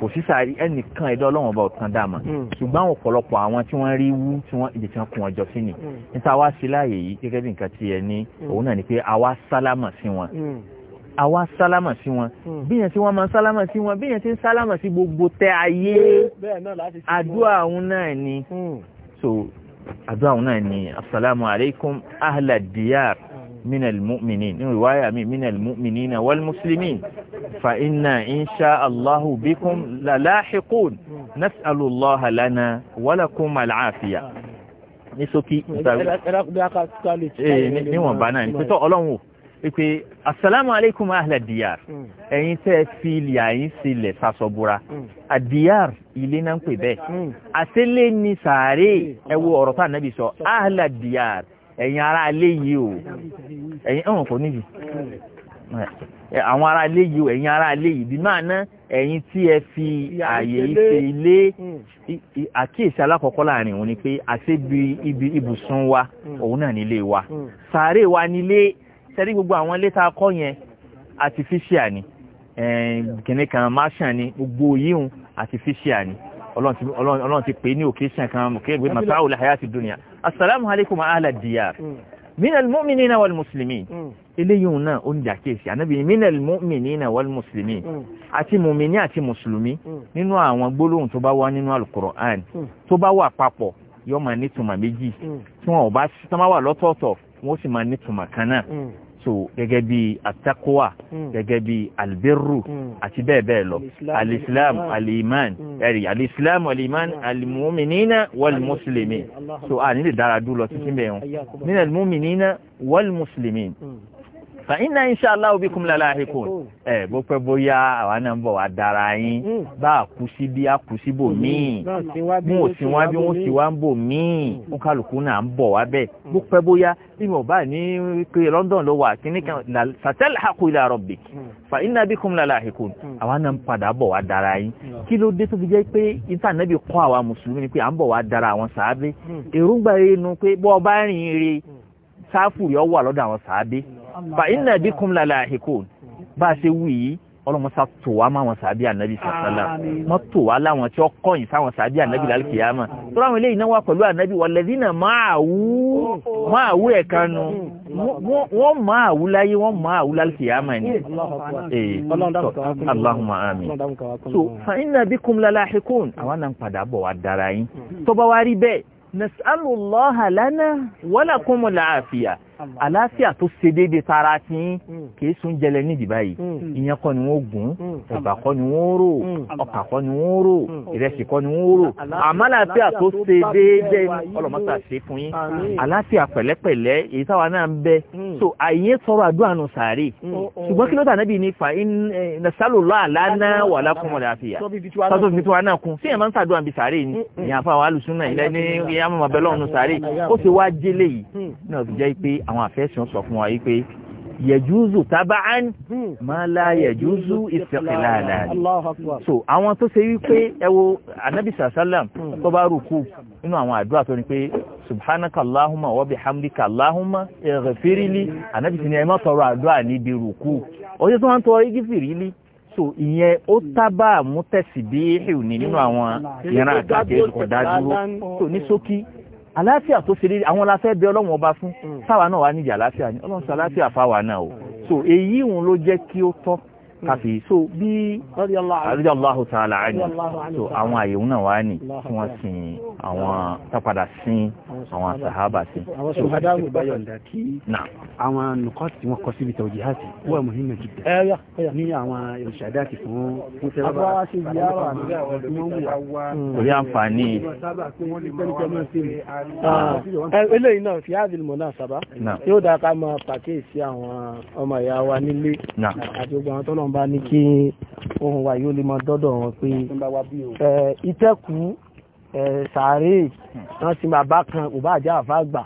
kò sísàárì ẹnìkan ẹ̀dọ́ ọlọ́wọ́n ọba ọ̀kan dàmà mm. ṣùgbọ́n àwọn ọ̀pọ̀lọpọ̀ àwọn tí wọ́n rí wú tí wọ́n ìdè tí wọ́n kún ọjọ́ sí ni mm. níta wá sí láàyè yìí gẹ́gẹ́ bí nǹkan ti ẹ̀ ní mm. òun náà ni pé àwa sálámà sí wọn àwa sálámà sí wọn bíyàn tí wọ́n máa sálámà sí wọn bíyàn tí ń sálámà sí gbogbo tẹ ayé àdúrà òun náà ni so àdúrà òun náà ni asalaamu alaykum من المؤمنين رواية من المؤمنين والمسلمين فإنا إن شاء الله بكم للاحقون نسأل الله لنا ولكم العافية nisoki níwọ̀n bá náà ní pé tọ́ ọlọ́run wò wípé asalaamu aleykum ahlẹ̀ diyar hmm. ẹ̀yin tẹ́ fi ilẹ̀ àyín sílẹ̀ sasọ̀bùra àdiyar hmm. ilé náà ń pè bẹ́ẹ̀ hmm. àtẹ́lẹ́ ní sàárè ẹ̀wọ̀ ọ̀rọ̀ tá a sọ ahlẹ̀ diyar ẹ̀yin ará ilé yìí o ẹ̀yin ẹ̀wọ̀n kò níbi àwọn ará ilé yìí o ẹ̀yin ará ilé yìí bí máa ná ẹ̀yin tí ẹ fi ààyè ife ilé àkíyèsí alákọ̀ọ́kọ́ láàrin òun ni pé àṣebi ibi ibùsùn wa òun náà nílé wa sàárè wa nílé sẹ́rí gbogbo àwọn ilé tá a kọ́ yẹn artificial ni kìnìún kan martian ni gbogbo yíhun artificial ni ọlọ́run ti pè é ní occasion kan mọ̀kẹ́ ìgbé màtáwò lè hayá ti dùn yàn assalamu alaikum ala diyar hmm. minal mu'minina wal muslimin hmm. eléyìí náà ó ń jà kéèsì ànábì minal mu'minina wal muslimin hmm. àti mùmíní àti mùsùlùmí nínú àwọn gbólóhùn tó bá wá nínú alukur'an tó bá wà papọ̀ yóò máa nítumọ̀ méjì tí wọn ò bá tí wọn wà lọ́tọ̀ọ̀tọ̀ wọn ó sì máa nítumọ̀ kan náà so gẹ́gẹ́ bí atakuwa hmm. gẹ́gẹ́ bí albirru hmm. àti bẹ́ẹ̀ bẹ́ẹ̀ lọ alislam aliman hmm. ẹ̀rí alislam aliman alimuminina walmuslimin so a nílè dára dúró lọ títí bẹ́ẹ̀ wọn nínú alimuminina walmuslimin fa inna insha Allah bikum lalahiqun ẹ bó pẹ́ bóyá àwa náà ń bọ̀ wá dára yín mm. bá a kú sí bí a kú sí bò míì mú ò sí wá bí wọ́n sì wá ń bò míì mm. ó kálukú náà ń bọ̀ wá bẹ́ẹ̀ bó pẹ́ bóyá ìmọ̀ ọba ní pé London ló wà kíní kan satalhaqu mm. ila rabbik fa inna bikum lalahiqun àwa náà ń padà bọ̀ wá dára yín kí ló dé tó fi jẹ́ pé ìtànẹ́bí kọ́ àwa mùsùlùmí ni pé à ń bọ̀ wá sáfù yọ wà lọ́dọ̀ àwọn sàábé fa inna bikum la lahikun bá a ṣe wù yìí ọlọ́mọsá tò wá máwọn sàbí ànábì sàtàlà mọ́ tò wá láwọn tí ó kọ́yìn sáwọn sàbí ànábì lálùkìyàmà tó ráwọn eléyìí náà wà pẹ̀lú ànábì walladhina máa wú máa wú ẹ̀ka nu wọ́n máa wú láyé wọ́n máa wú lálùkìyàmà ni Allahumma amin so fa inna bikum lalahikun àwọn náà ń padà bọ̀ wá dára yín tó bá wá rí bẹ́ẹ̀ nas'alullaha lana wa lakumul afiya àlàáfíà tó ṣe déédéé tara ti yín hmm. kìí sún jẹlẹ nídìí báyìí hmm. ìyẹn kọ́ ni wọ́n gùn hmm. ọ̀bà kọ́ ni wọ́n rò ọkà kọ́ ni wọ́n rò ìrẹsì kọ́ ni wọ́n rò àmọ́ àlàáfíà tó ṣe déédéé ọlọ́mọ́sà ṣe fún yín àlàáfíà pẹ̀lẹ́pẹ̀lẹ́ èyí táwa náà ń bẹ so àyè sọ̀rọ̀ àdúrà nù sàárè ṣùgbọ́n kí ló dà nábì ní fa eh, nasalòlá àlànà wà lákùnmọ̀ láfíà sọ́tò fi tí wa náà kún ni ìyàfa wàhálùsùn náà ilẹ̀ ní ìyàmọ̀ bẹ́lọ́ọ̀nù sàárè ó ti àwọn àfẹ́sùn sọ fún wa yìí pé yẹjúzù tábàán máa la yẹjúzù ìsìnkìláàlà so àwọn tó ṣe wípé ẹ wo anabi sàlám hmm. tó bá rúkú nínú àwọn àdúrà tó ní pé subhanaka allahumma wa bihamdika allahumma ighfirli anabi ti ní ẹ má tọrọ àdúrà níbi rúkú ọjọ́ tó wọ́n tọrọ ighfirli so ìyẹn ó tábà mú tẹ̀sí bí ìhìw ní nínú àwọn ìran àti àti èsùkọ̀ dádúró so ní ṣókí àláfíà tó ṣe déédéé àwọn la fẹ́ bẹ ọlọ́run ọba fún mm. táwa náà wà níjà àláfíà ni ọlọ́run sọ àláfíà fáwa náà o mm. so èyí òun ló jẹ́ kí ó tọ́ káfí so bí radiyallahu ta'ala anhu so àwọn àyèwò náà wá ní tí wọ́n sin àwọn tápadà sin àwọn sàhábà sin. àwọn sọ̀hádà wò bá yọ̀ǹda kí àwọn nùkọ́ tí wọ́n kọ síbi tọ̀jú hàtì wọ́n mú hímẹ̀ jùlọ ní àwọn ìṣàdá ti fún fún tẹ́lẹ̀ bá wá sí yàrá orí àǹfààní. Ah. Eh, eléyìí náà fi áàdì mọ̀ náà sábà yóò dáa ká máa pàkíyèsí àwọn ọmọ ìyá wa nílé àti gbogbo àwọn tọ́lọ́ ọlọ́run bá ní kí ohun wa yóò lè mọ dọ́dọ̀ wọn pé ìtẹ́kù sàárè wọ́n sin bàbá kan kò bá àjá àfá àgbà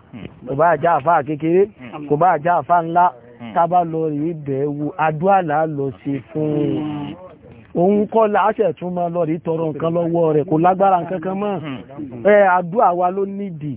kò bá àjá àfá kékeré kò bá àjá àfá ńlá tábà lọ rí bẹ̀ẹ́wò adúàlá lọ sí fún òun kọ́ láṣẹ̀ tún mọ́ lọ rí tọrọ nǹkan lọ́wọ́ rẹ̀ kò lágbára nǹkan kan mọ́ ẹ wa ló nídìí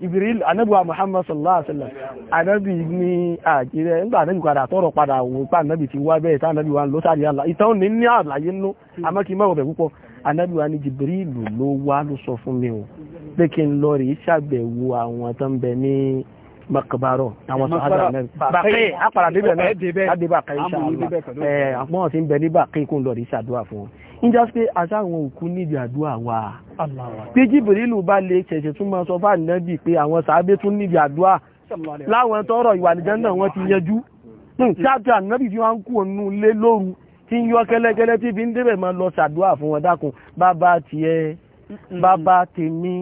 Jibril muhammadu Muhammad sallallahu alaihi ni a ní àjẹrẹ nígbà anabi padà tọrọ padà wò pa anabi ti wá bẹ́ẹ̀ tá anábì wa ń lọ sáré àlà ìtàn ní ní àlàyé nú àmọ́ kí n wa Jibril makabaro àwọn sàádà mẹ́rin bàkẹ́ àpàràdébẹ̀ náà láti bàkẹ́ ìṣàlá ẹ̀ àpọ́n ti ń bẹ ní bàkẹ́ ikú lọ́rí ṣàdúrà fún wọn níjá pé aṣáwọn òkú níbi àdúrà wa pé jìbìrìlù bá lè ṣẹ̀ṣẹ̀ tún máa sọ fáà nẹ́bì pé àwọn sàábé tún níbi àdúrà láwọn tọrọ ìwà nìjẹ́ náà wọ́n ti yanjú ṣáàtì ànábì tí wọ́n kú ònú lé lóru tí ń yọ kẹ́lẹ́kẹ́lẹ́ tí fi ń débẹ̀ máa lọ ṣàdúrà fún wọn dákun bàbá tiẹ̀ bàbá tèmi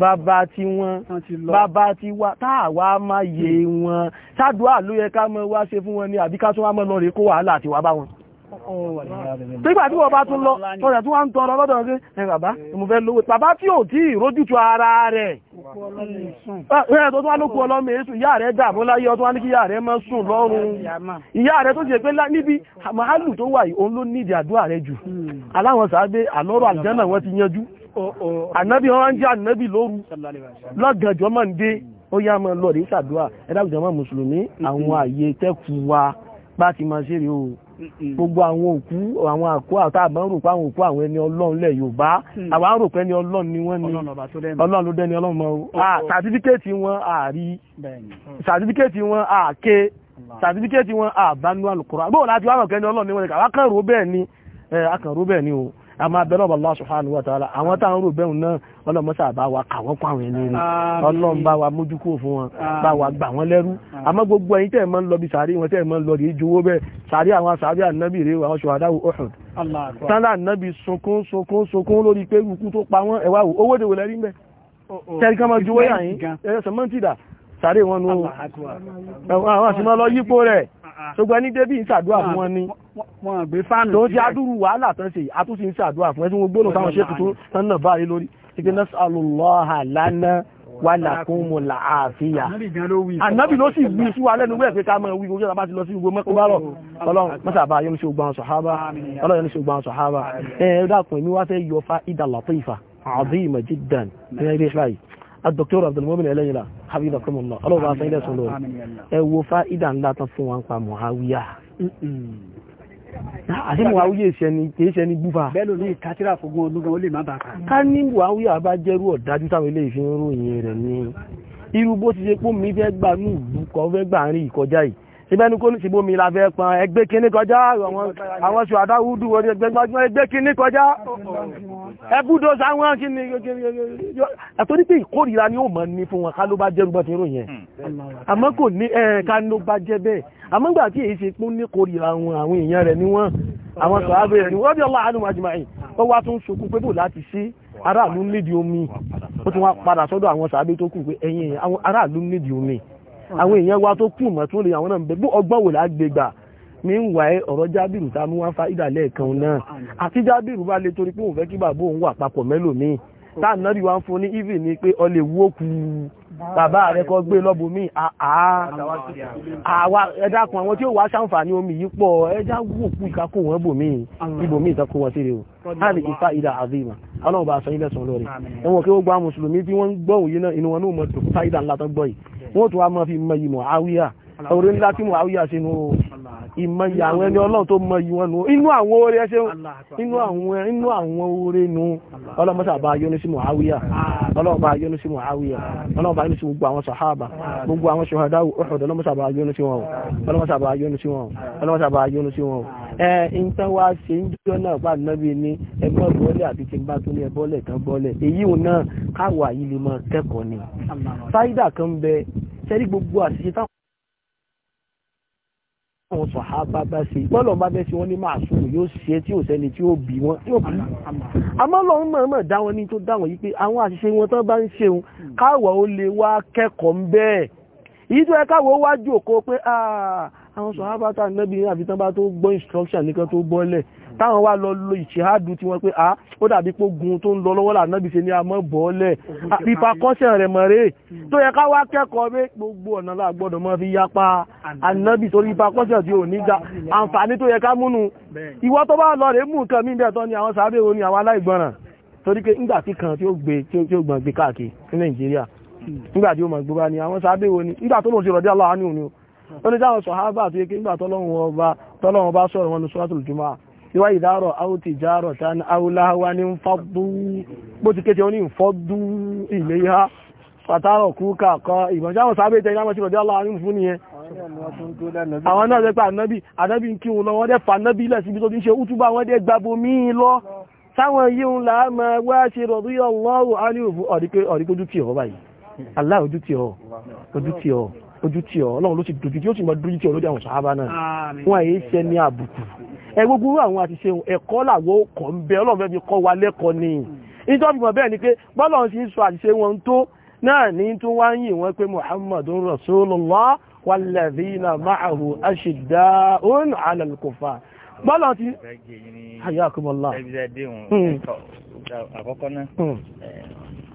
bàbá tí wọ́n bàbá tí wá táàwá má yé mm. wọn ṣáàdùá ló yẹ ká mọ́ wá ṣe fún wọn ní àbí ká tún wá mọ́ lọ rí kó wàhálà àti wà bá wọn oh, nígbà tí wọ́n bá tún lọ tọ́jà tí wọ́n ń tọrọ lọ́dọ̀ rẹ̀ bàbá tí ò tí ìrójútu ara rẹ̀ ẹ̀ ah, tó tún wá ló kú ọlọ́mọ èsù ìyá rẹ̀ dààmú láyé ọdún wá ní kí ìyá rẹ̀ mọ́ sùn lọ́rùn ìyá rẹ̀ tó ṣe pé níbi màálù tó wà yìí òun ló nídìí àdúrà rẹ̀ jù hmm. aláwọn sàábé àlọ́rọ̀ àlùjánnà wọn ti yanjú oh, oh. ànábì wọn wá ń jẹ́ ànábì lóru lọ́gànjọ́ máa ń dé ó yá máa lọ rí sàdúrà ẹ̀dá àwùjọ máa mùsùlùmí àwọn àyè tẹ́kù wa bá ti máa ṣeré o gbogbo àwọn òkú àwọn àkó àtà àbá ń rò pé àwọn òkú àwọn ẹni ọlọ́run lẹ̀ Yorùbá mm. àwa ń pé ẹni ọlọ́run ni wọ́n ni ọlọ́run ló dẹ́ni ọlọ́run mọ́ o oh, ah, oh. sàtífíkẹ́ẹ̀tì wọn àárí sàtífíkẹ́ẹ̀tì wọn àáké sàtífíkẹ́ẹ̀tì wọn àbánú àlùkùrá bóò láti wá àwọn ọ̀kẹ́ni ọlọ́run ni wọ́n ni kàwá kàn rò bẹ́ẹ̀ ni eh, a máa bẹ̀rẹ̀ ọ̀bọ̀ Allah subhanahu wa ta'ala àwọn táwọn rò bẹ́ẹ̀ náà ọlọ́mọṣà bá wa kà wọ́n kó àwọn ẹni rẹ̀ ọlọ́run bá wa mójú kúrò fún wọn bá wa gbà wọ́n lẹ́rú àmọ́ gbogbo ẹ̀yin tẹ́ ẹ̀ máa ń lọ bí sàárì wọn tẹ́ ẹ̀ máa ń lọ rèé jowó bẹ́ẹ̀ sàárì àwọn sàárì ànábì rèé àwọn ṣùwádà Uhud tánlá ànábì sunkún sunkún sunkún lórí pé ikú tó pa wọ́n ẹ̀wá owó dèwò lẹ́rí wọn àgbé fánù tó jẹ́ adúrú wàhálà tán ṣe àtúnṣe ń ṣàdúrà fún ẹtún gbónà táwọn ṣe tuntun tán náà báyìí lórí ike nas'alullaha lana wa lakumul afiya ànábì ló sì wí sí wa lẹ́nu wẹ́ẹ̀ pé ká máa wí ojú àbá ti lọ sí gbogbo mẹ́kọ́ bá rọ̀ ọlọ́run mọ́sà bá الدكتور عبد المؤمن إلينا حبيبكم الله الله بقى سيدة سنور وفائدة لا تنفوا عنك معاوية àti mò áwúyé ìṣẹ́ni kìí ṣẹni gbúfà bẹ́ẹ̀ ní ìkátírà fògún olúgan ó lè má bàkà ká ní mò áwúyé àbájẹ́rú ọ̀dájú táwọn ilé ìfihàn ròyìn rẹ̀ ní irú bó ti ṣe pó mi fẹ́ gbà ní ìlú kan fẹ́ gbà rí ìkọjá yìí síbẹ̀ ní kó ní ṣìbó mi làfẹ́ pọn ẹgbẹ́ kíní kọjá àwọn ṣù àdáwùdú wọn ẹgbẹ́ kíní kọjá ẹbúdó sáwọn kíní àtòrí pé ìkórìíra ni ó mọ̀ ní fún wọn ká ló bá jẹ́ rúgbọ́n ti ròyìn àmọ́ kò ní ẹ̀ẹ̀ká ló ni wọ́n àwọn sọ̀hábẹ̀ rẹ̀ ni wọ́n bí ọlá àánú àjùmáyìn ó wá tún ṣokú pé bò láti sí aráàlú nídìí omi ó tún àwọn èèyàn wa tó kù mọ̀ tó lè àwọn náà bẹ ọgbọ́n wò lágbègbà ní ń wà ẹ́ ọ̀rọ̀ jábìrù tá mú wá fa ìdàlẹ́ kan náà àti jábìrù bá lè torí pé òun fẹ́ kí bàbá òun wà papọ̀ mẹ́lòmíì táà náà rí wá ń fún ní ìvì ni pé ọ lè wó kú bàbá rẹ̀ kọ gbé lọ́bù mí àwa ẹ̀dàkùn àwọn tí ó wá sáǹfàní omi yìí pọ̀ ẹjá wòkú ìkákò wọn bò mí ibò mí ìtàkò wọn sí rẹ̀ o láti ìfà ìdà àzìmà ọlọ́run bá sọ ilẹ̀ sọ lórí ẹwọ̀n kí ó gbá mùsùlùmí tí wọ́n gbọ́ òye náà inú wọn náà mọ̀ tó fáìdà ńlá tó gbọ́ yìí wọ́n tún wá mọ́ fi mọ ìmọ̀ àwíyà orí ńlá tí Muawiya ṣe nù o ìmọ̀ ìyà àwọn ẹni ọlọ́run tó mọ ìwọ̀n nù inú àwọn oore ẹ ṣeun inú àwọn inú àwọn oore nù ọlọ́mọsà bá yọ́nú sí Muawiya ọlọ́run bá yọ́nú sí Muawiya ọlọ́run bá yọ́nú gbogbo àwọn sàhábà gbogbo àwọn ṣọ̀hádà Uhud ọlọ́mọsà bá yọ́nú wọn o ọlọ́mọsà bá wọn o ọlọ́mọsà bá wọn ẹ ń tán wá ṣe ń jọ náà bá nábì ní ẹgbọ́n bọ́ọ̀lẹ̀ àti tí ń bá tún ní ẹbọ́ọ̀lẹ̀ kan bọ́ọ̀lẹ̀ èyí ò náà káwà yìí lè máa kẹ́kọ̀ọ́ ni fáídà kan bẹ sẹ́rí gbogbo àṣìṣe táwọn àwọn sọ̀hábà bá ṣe bọ́lọ̀ bá bẹ́ sí wọ́n ní máa sùn yóò ṣe tí ò sẹ́ni tí ó bí wọn tí ó bí àmọ́ lọ́run mọ̀ mọ̀ dá wọn ní tó dá wọn yìí pé àwọn àṣìṣe wọn tán bá ń ṣeun káwọ̀ ó lè wá kẹ́kọ̀ọ́ ń bẹ́ẹ̀ èyí tó yẹ wá jòkó pé ah, àwọn sọ̀hábà tá nẹ́bí àbítán bá tó gbọ́ instruction nìkan tó bọ́lẹ̀ táwọn wá lọ lo ìṣèhádùn tí wọ́n pé a ah, ó dàbí pé ogun tó ń lọ lọ́wọ́ là nẹ́bí ní amọ́ bọ́ọ̀lẹ̀ pípa rẹ̀ mọ̀ rẹ̀ tó yẹ ká wá kẹ́kọ̀ọ́ pé gbogbo ọ̀nà la mọ́ fi yapa ànẹ́bí torí ipa tí ò ní ga àǹfààní tó yẹ ká múnu ìwọ tó bá lọ rẹ̀ mú nǹkan mí bẹ́ẹ̀ tán ni àwọn sàábẹ̀ wo ni àwọn aláìgbọràn torí pé ńgbà tí kan tí ó gbé tí ó gbọ̀n gbé káàkiri ní Nàìjíríà ńgbà tí ó mọ̀ ó ní táwọn sọ̀hábà tó yẹ kí nígbà tọ́lọ́wọ́n bá sọ̀rọ̀ wọn ní suratul Jumu'ah ìwá ìdárọ̀ áwùtì járọ̀ tá ní áwùláwá ní ń fọ́dú bó ti kéte ó ní ń fọ́dú ilé ha pàtàrọ̀ kúkà kọ ìbọn sáwọn sábẹ́ ojú tí ọ ọlọ́run ló ti dojú tí ó sì mọ dojú tí ọ lójú àwọn sàábà náà wọn àyè ṣe ní àbùkù ẹ gbogbo àwọn àti ṣeun ẹ̀kọ́ làwọn kọ̀ ń bẹ fi wa lẹ́kọ̀ọ́ ni nítorí mọ̀ bẹ́ẹ̀ ni pé bọ́lọ̀ ń sì sọ àṣìṣe wọn tó náà ní tó wá ń yìn wọn pé muhammadun rasulullah walladhina ma'ahu ashidda'un 'ala al na bọ́lọ̀ ti. ayakumullah. Hmm. àkọ́kọ́ náà hmm.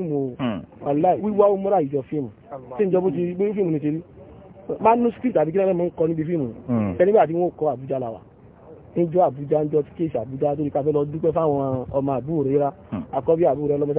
fíìmù o hmm. wíwá ó ìjọ fíìmù tí ìjọba ti rí fíìmù ní ti rí manuscript àti kílẹ̀ mọ́ ń kọ níbi fíìmù ẹni hmm. bá wọ́n kọ Àbújá la níjọ Àbújá ń jọ kéèsì Àbújá tó ní káfẹ́ lọ dúpẹ́ fáwọn ọmọ àbúrò rírá hmm. àkọ́bí lọ́mọ